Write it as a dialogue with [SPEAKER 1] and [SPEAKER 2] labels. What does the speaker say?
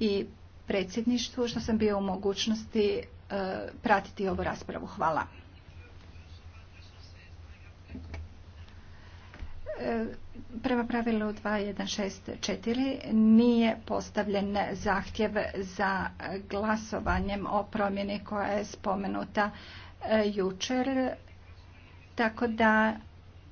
[SPEAKER 1] i predsjedništvu što sam bio u mogućnosti e, pratiti ovu raspravu. Hvala. E, prema pravilu 2164 nije postavljen zahtjev za glasovanjem o promjeni koja je spomenuta e, jučer, tako da